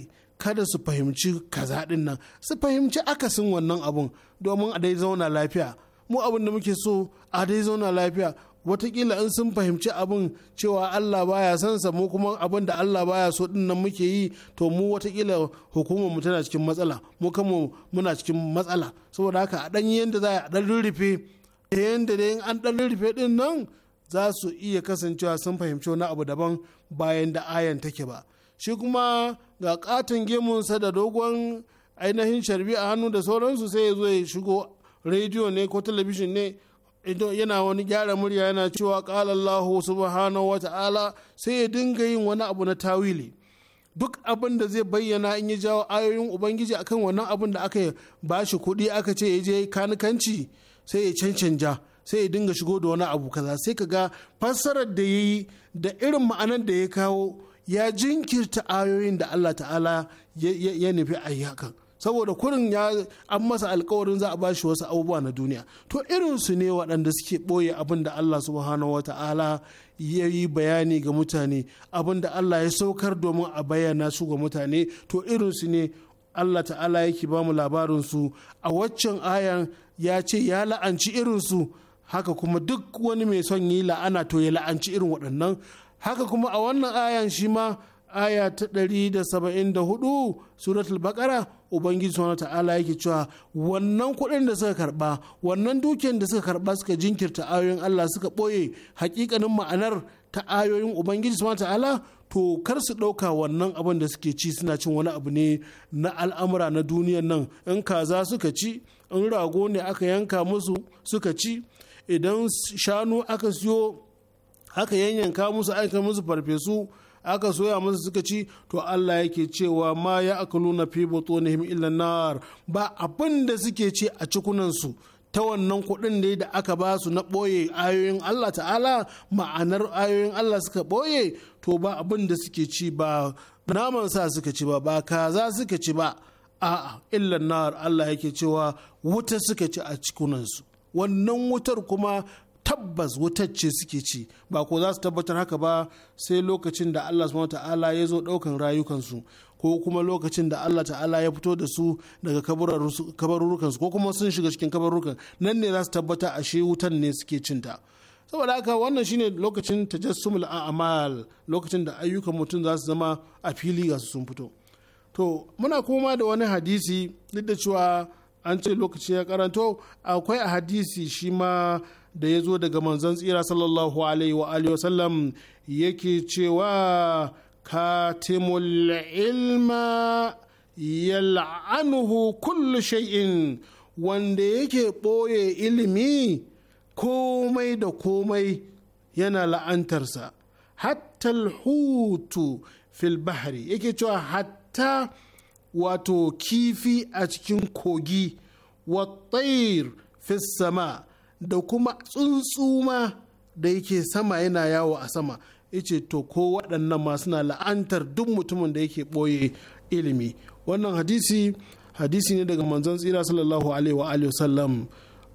kada su fahimci kaza din nan su fahimci akasin wannan abun domin a dai zauna lafiya mu abin da muke so a dai zauna lafiya watakila in sun fahimci abin cewa Allah baya son sa mu kuma abin da Allah baya so din nan muke yi to mu watakila hukumar mu tana cikin matsala mu kanmu muna cikin matsala saboda haka a dan yanda za a dan rurrufe yanda da an dan rurrufe din nan za su iya kasancewa sun fahimci wani abu daban bayan da ayan take ba shi kuma ga katin sa da dogon ainihin sharbi a hannu da sauransu sai ya zo ya shigo rediyo ne ko talabijin ne ido yana wani gyara murya yana cewa ƙalallahu subhanahu wa ta'ala sai ya dinga yin wani abu na tawili duk abin da zai bayyana in ya jawo ayoyin ubangiji akan wannan abin da aka ba shi kuɗi aka ce ya je kanikanci sai ya cancanja sai ya dinga shigo da wani abu kaza sai ka ga fassarar da ya yi da irin ma'anar da ya kawo ya jinkirta ayoyin da Allah ta'ala ya nufi a yi hakan saboda kurin ya an masa alkawarin za a ba shi wasu abubuwa na duniya to irinsu ne waɗanda suke ɓoye abinda da Allah subhanahu wata'ala ya yi bayani ga mutane abinda da Allah ya saukar domin a bayyana su ga mutane to irin ne Allah ta'ala yake ba mu labarin su a waccan ayan ya ce ya la'anci irin su haka kuma duk wani mai son yi la'ana to ya la'anci irin waɗannan haka kuma a wannan ayan shi ma aya ta 174 suratul baqara ubangiji subhanahu ta'ala yake cewa wannan kuɗin da suka karba wannan dukiyar da suka karba suka jinkirta ayoyin Allah suka ɓoye hakikanin ma'anar ta ayoyin ubangiji subhanahu ta'ala to kar su ɗauka wannan abin da suke ci suna cin wani abu ne na al'amura na duniyan nan in kaza suka ci in rago ne aka yanka musu suka ci idan shanu aka siyo aka yanyanka musu aka musu farfesu aka soya masa suka ci to Allah yake cewa ma ya akaluna fi butunihim illa nar ba abin da suke ci a cikunansu ta wannan kuɗin da da aka ba su na ɓoye ayoyin Allah ta'ala ma'anar ayoyin Allah suka ɓoye to ba abin da suke ci ba naman sa suka ci ba ba kaza suka ci ba a'a illa nar Allah yake cewa wuta suka ci a cikunansu wannan wutar kuma tabbas wutar ce suke ci ba ko za su tabbatar haka ba sai lokacin da Allah subhanahu ta'ala ya zo daukan rayukansu ko kuma lokacin da Allah ta'ala ya fito da su daga kabarurukansu ko kuma sun shiga cikin kabarurukan nan ne za su tabbata ashe wutan ne suke cinta saboda haka wannan shine lokacin tajassumul a'mal lokacin da ayyukan mutum za su zama a fili ga su sun fito to muna kuma da wani hadisi duk da cewa an ce lokaci ya karanto akwai a hadisi shi ma da ya zo daga manzon tsira sallallahu alaihi wa alihi wasallam yake cewa katimul ilma la'anuhu kullu shay'in wanda yake ɓoye ilimi komai da komai yana la'antarsa hatta hutu fil bahri yake cewa hatta wato kifi a cikin kogi wa fis sama da kuma tsuntsuma da yake sama yana yawo a sama yace to ko waɗannan ma suna la'antar duk mutumin da yake ɓoye ilimi wannan hadisi hadisi ne daga manzon tsira sallallahu alaihi wa alihi wasallam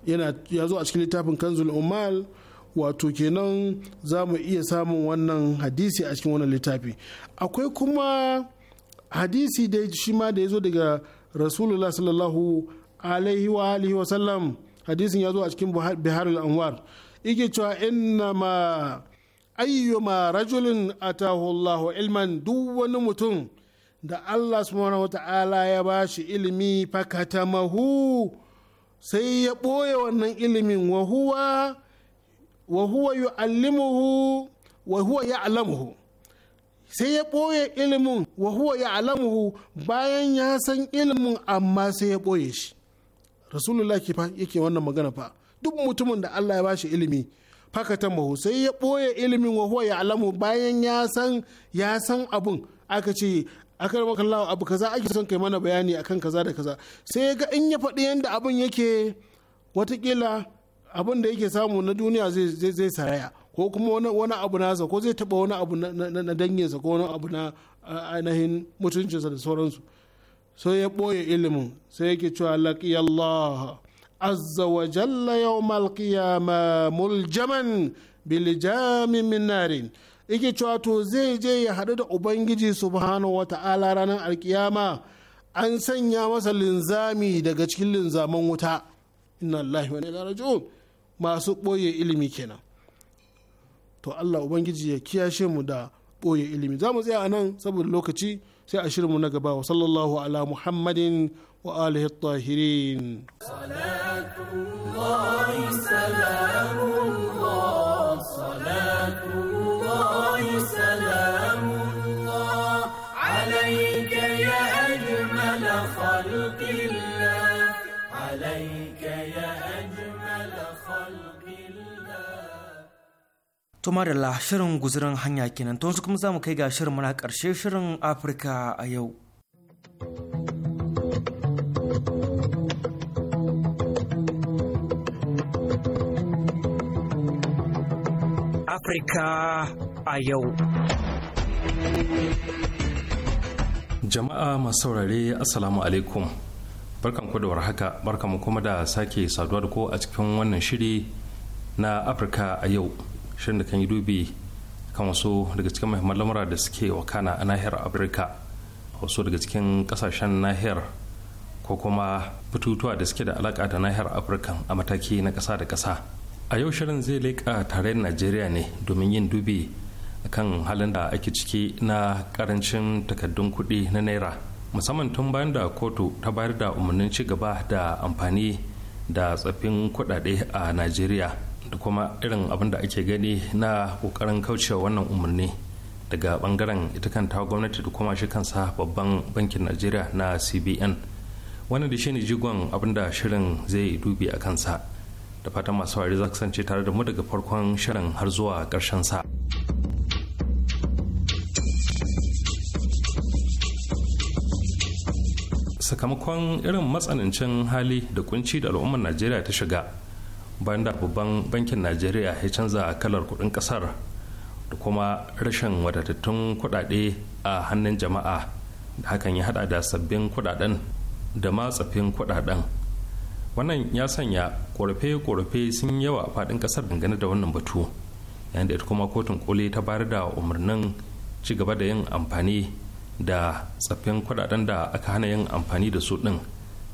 yana ya zo a cikin littafin kanzul umal wato kenan za mu iya samun wannan hadisi a cikin wannan littafi akwai kuma hadisi da shi ma da ya zo daga rasulullah sallallahu alaihi wa alihi wasallam hadisin ya zo a cikin biharul anwar yake cewa inna ma ayyuma rajulin atahu Allahu ilman duk wani mutum da Allah subhanahu wa ta'ala ya ba shi ilimi fakatamahu sai ya boye wannan ilimin wa huwa wa huwa yu'allimuhu wa sai ya ɓoye ilimin wa huwa ya'lamuhu bayan ya san ilimin amma sai ya ɓoye shi rasulullah ke yake wannan magana fa duk mutumin da Allah ya bashi ilimi fakatan mahu sai ya boye ilimin wa huwa ya alamu bayan ya san ya san abun aka ce aka rama kallawa abu kaza ake son kai mana bayani akan kaza da kaza sai ga in ya faɗi yadda abun yake watakila abun da yake samu na duniya zai saraya ko kuma wani abu nasa ko zai taɓa wani abu na danginsa ko wani abu na ainihin mutuncinsa da sauransu so ya ɓoye ilimin sai yake cewa Allah azza wa jalla yawmal qiyama muljaman bil min narin yake cewa to zai je ya haɗu da ubangiji subhanahu wa ta'ala ranar alkiyama an sanya masa linzami daga cikin linzaman wuta inna allahi wa ila masu ɓoye ilimi kenan to allah ubangiji ya kiyashe mu da ɓoye ilimi za mu tsaya a nan saboda lokaci sai a shirinmu na gaba wa sallallahu ala muhammadin wa alihi tahirin ma da la shirin guzurin hanya kenan to kuma za mu kai ga shirin muna karshe shirin Afirka a yau. Afirka a yau. Jama'a masu saurare Assalamu alaikum. Barkan ku da warhaka, barkan mu kuma da sake saduwa da ku a cikin wannan shiri na Afirka a yau. shirin da kan yi dubi kan wasu daga cikin muhimman lamura da suke wakana a nahiyar afirka wasu daga cikin kasashen nahiyar ko kuma batutuwa da suke da alaka da nahiyar afirka a mataki na kasa da kasa a yau shirin zai leƙa da najeriya ne domin yin dubi kan halin da ake ciki na karancin takaddun kuɗi na naira musamman tun bayan da kotu ta bayar da umarnin ci gaba da amfani da tsaffin kuɗaɗe a najeriya da kuma irin abin da ake gani na kokarin kaucewa wannan umarni daga bangaren ita kanta gwamnati da kuma shi kansa babban bankin najeriya na cbn wannan da shine jigon abin da shirin zai dubi a kansa da fatan masu wari za kasance tare da mu daga farkon shirin har zuwa karshen sa sakamakon irin matsanancin hali da kunci da al'ummar najeriya ta shiga bayan da babban bankin najeriya ya canza kalar kudin kasar da kuma rashin wadatattun kudade a hannun jama'a da hakan ya hada da sabbin kudaden da ma matsafin kudaden wannan ya sanya korafe-korafe sun yawa a fadin kasar dangane da wannan batu yayin da ita kuma kotun koli ta bayar da umarnin ci gaba da yin amfani da tsaffin kudaden da aka hana yin amfani da su din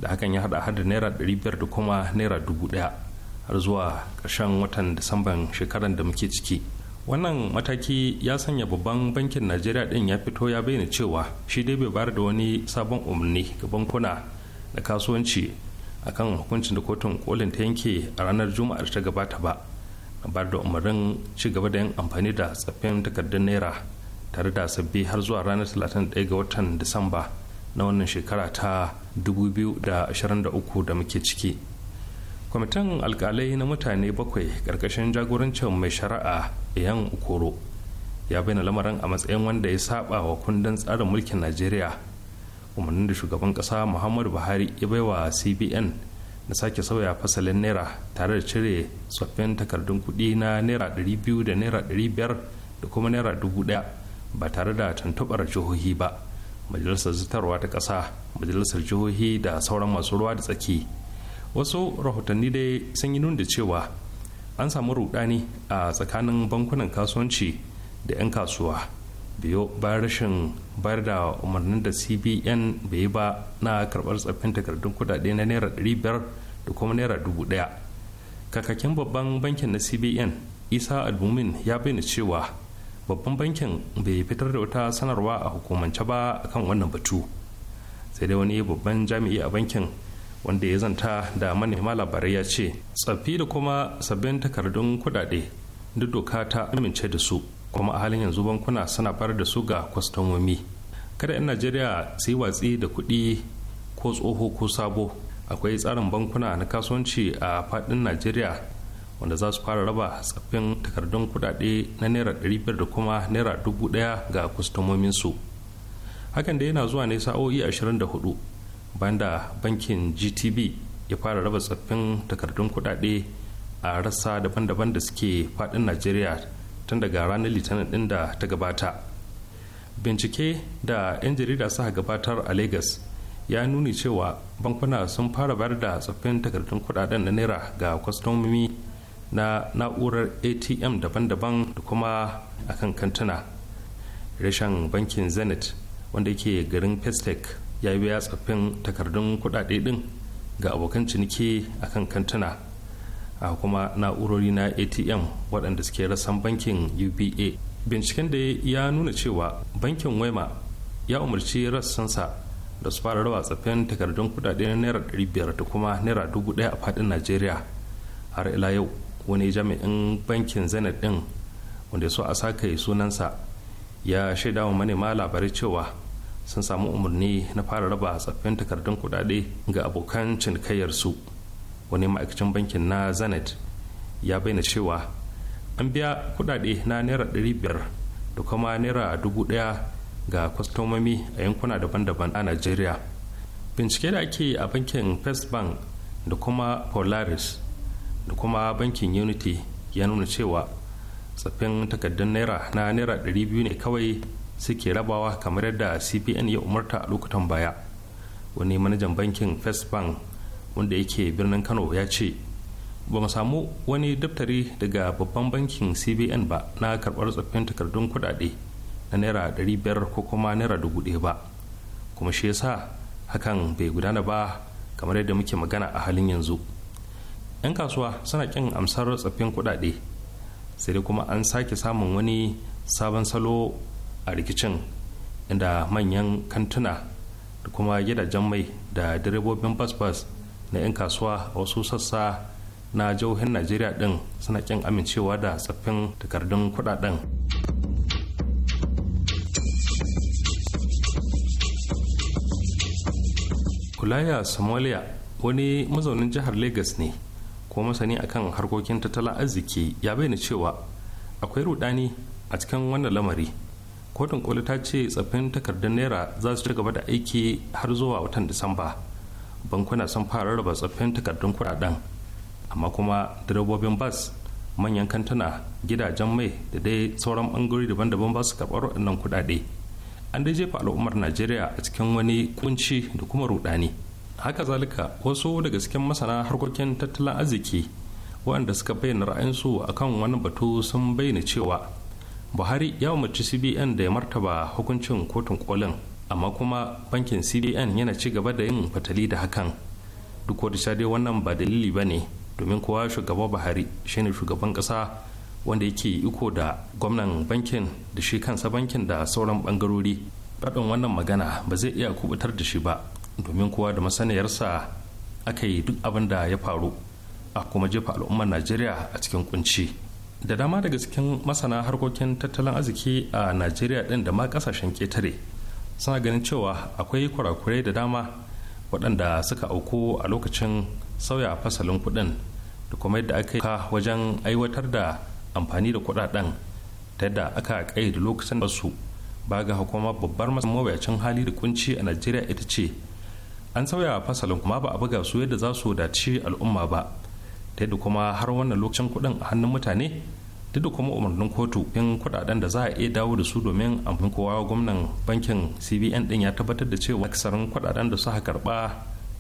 da hakan ya hada har da naira 500 da kuma naira 1000 har zuwa ƙarshen watan disamban shekaran da muke ciki wannan mataki ya sanya babban bankin najeriya ɗin ya fito ya bayyana cewa shi dai bai bayar da wani sabon umarni ga bankuna da kasuwanci akan hukuncin da kotun kolin ta yanke a ranar juma'ar ta gabata ba na bayar da umarnin ci gaba da yin amfani da tsaffin takardun naira tare da sabbi har zuwa ranar talatin 31 ga watan disamba na wannan shekara ta 2023 da muke ciki kwamitin alkalai na mutane bakwai karkashin jagorancin mai shari'a yan ukoro ya bayyana lamarin a matsayin wanda ya saba wa kundin tsarin mulkin najeriya umarnin da shugaban kasa muhammadu buhari ya bai wa cbn na sake sauya fasalin naira tare da cire tsoffin takardun kudi na naira 200 da naira biyar da kuma naira 1000 ba tare da tuntuɓar jihohi ba majalisar zitarwa ta kasa majalisar jihohi da sauran masu ruwa da tsaki wasu rahotanni dai sun yi nuna cewa an samu rudani a tsakanin bankunan kasuwanci da 'yan kasuwa biyo bayan rashin bayar da umarnin da cbn bai ba na karbar tsaffin takardun kudade na naira 500 da kuma naira 1000 kakakin babban bankin na cbn isa albumin ya bayyana cewa babban bankin bai fitar da wata sanarwa a hukumance ba akan wannan batu sai dai wani babban jami'i a bankin wanda ya zanta da manema labarai ya ce tsaffi da kuma sabbin takardun kudade duk doka ta amince da su kuma a halin yanzu bankuna suna bar da su ga kwastomomi kada 'yan najeriya su yi watsi da kuɗi ko tsoho ko sabo akwai tsarin bankuna na kasuwanci a faɗin najeriya wanda za su fara raba tsaffin takardun kudade na naira biyar da kuma naira dubu ɗaya ga kwastomominsu hakan da yana zuwa ne sa'o'i ashirin da hudu. bayan da bankin gtb ya fara raba tsaffin takardun kudade a rasa daban-daban da suke fadin najeriya tun daga ranar litinin din da ta gabata bincike da 'yan jarida suka gabatar a lagos ya nuni cewa bankuna sun fara bayar da tsaffin takardun kudaden na naira ga kwastomomi na na'urar atm daban-daban da kuma akan kantuna rashin bankin zenith wanda yake garin festec. ya biya tsaffin takardun kudade din ga abokan ciniki a kan kantuna a kuma na'urori na atm waɗanda suke rasan bankin uba binciken da ya nuna cewa bankin wema ya umarci rassansa da su fara rawa tsaffin takardun kudade na naira 500 da kuma naira dubu ɗaya a faɗin najeriya har ila yau wani jami'in bankin zenit din wanda ya so a saka sunansa ya shaidawa manema labarai cewa sun samu umarni na fara raba tsaffin takardun kudade ga abokan cinikayyarsu wani ma'aikacin bankin na zanet ya bayyana cewa an biya kudade na naira 500 da kuma naira dubu 1000 ga kwastomomi a yankuna daban-daban a nigeria bincike da ake a bankin first bank da kuma polaris da kuma bankin unity ya nuna cewa tsaffin takardun naira na naira biyu ne kawai suke rabawa kamar yadda cbn ya umarta a lokutan baya wani manajan bankin first bank wanda yake birnin kano ya ce ba mu samu wani daftari daga babban bankin cbn ba na karbar tsoffin takardun kudade na naira 500 ko kuma naira 1000 ba kuma shi yasa hakan bai gudana ba kamar yadda muke magana a halin yanzu 'yan kasuwa suna kin amsar tsaffin kudade sai dai kuma an sake samun wani sabon salo a rikicin inda manyan kantuna da kuma gidajen mai da direbobin bas-bas na 'yan kasuwa a wasu sassa na jihohin najeriya din suna kin amincewa da tsaffin takardun kudaden kulaya somalia wani mazaunin jihar lagos ne ko masani akan harkokin tattalin arziki ya bayyana cewa akwai rudani a cikin wannan lamari kotun koli ta ce tsaffin takardun naira za su ci gaba da aiki har zuwa watan disamba bankuna sun fara raba tsaffin takardun kuɗaɗen amma kuma direbobin bas manyan kantuna gidajen mai da dai sauran bangarori daban-daban ba su karɓar waɗannan kuɗaɗe an dai jefa al'ummar najeriya a cikin wani kunci da kuma rudani haka zalika wasu daga cikin masana harkokin tattalin arziki waɗanda suka bayyana ra'ayinsu akan wani batu sun bayyana cewa buhari ya umarci cbn da ya martaba hukuncin kotun kolin amma kuma bankin cbn yana ci gaba da yin fatali da hakan duk sha dai wannan ba dalili ba ne domin kowa shugaba buhari shine shugaban kasa wanda yake iko da gwamnan bankin da shi kansa bankin da sauran bangarori faɗin wannan magana ba zai iya kubutar da shi ba domin kowa da masaniyarsa aka yi duk abin da ya faru a kuma jefa al'ummar najeriya a cikin kunci da dama daga cikin masana harkokin tattalin arziki a najeriya din da ma kasashen ketare suna ganin cewa akwai kurakurai da dama waɗanda suka auku a lokacin sauya fasalin kuɗin da kuma yadda aka yi wajen aiwatar da amfani da kuɗaɗen ta yadda aka ƙayyade lokacin da su ba ga hukuma babbar mawuyacin hali da kunci a najeriya ita ce an sauya fasalin kuma ba a buga su yadda za su dace al'umma ba ta yadda kuma har wannan lokacin kuɗin a hannun mutane duk da kuma umarnin kotu in kuɗaɗen da za a iya dawo da su domin amfani kowa gwamnan bankin cbn din ya tabbatar da cewa aksarin kuɗaɗen da suka karɓa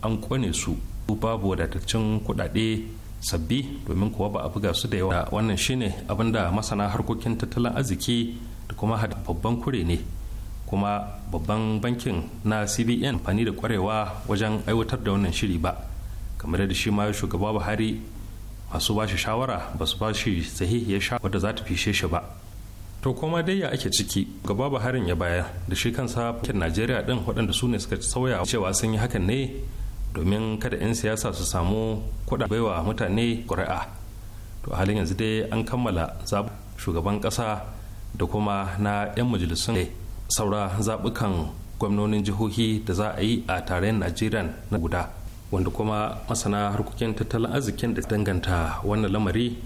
an kone su babu wadataccen kuɗaɗe sabbi domin kuwa ba a buga su da yawa wannan shine abin da masana harkokin tattalin arziki da kuma babban kure ne kuma babban bankin na cbn amfani da kwarewa wajen aiwatar da wannan shiri ba kamar da shi ma shugaba buhari masu bashi shawara ba su bashi sahihiyar sha wadda za ta fishe shi ba to koma dai ya ake ciki gaba harin ya baya da shi kansa fakin najeriya din waɗanda su ne suka sauya cewa sun yi hakan ne domin kada 'yan siyasa su samu kuɗa baiwa mutane ƙuri'a to halin yanzu dai an kammala zaɓen shugaban ƙasa da kuma na 'yan majalisun saura zaɓukan gwamnonin jihohi da za a yi a tarayyar najeriya na guda wanda kuma masana harkokin tattalin arzikin da danganta wannan lamari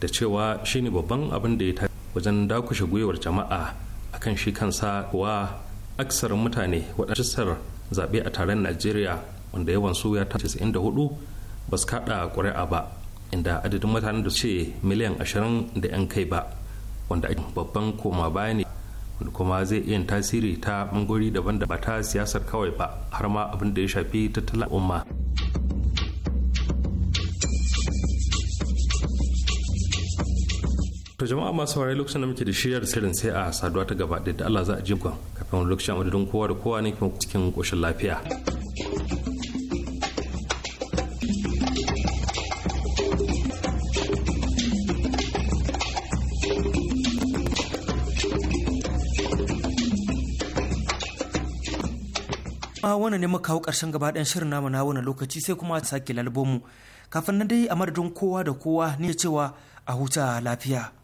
da cewa shine babban abin da ya ta wajen dakushe gwiwar jama'a akan shi kansa wa aksarin mutane waɗansu zaɓe a taron najeriya wanda yawan su ya ta 94 ba su kaɗa ƙuri'a ba inda adadin mutanen da ce miliyan 20 da 'yan kai ba wanda babban koma baya ne kuma zai iya tasiri ta bangori daban da ba ta siyasar kawai ba har ma abin da ya shafi tattalin umma. to jama'a masu warai lokacin da muke da shiryar sirrin sai a saduwa ta gaba da Allah za a ji kafin lokacin wadadin kowa da kowa ne cikin koshin lafiya. a wannan ne muka kawo ƙarshen gaba ɗayan shirin namu na wannan lokaci sai kuma sake lalbomu kafin na dai a madadin kowa da kowa ne cewa a huta lafiya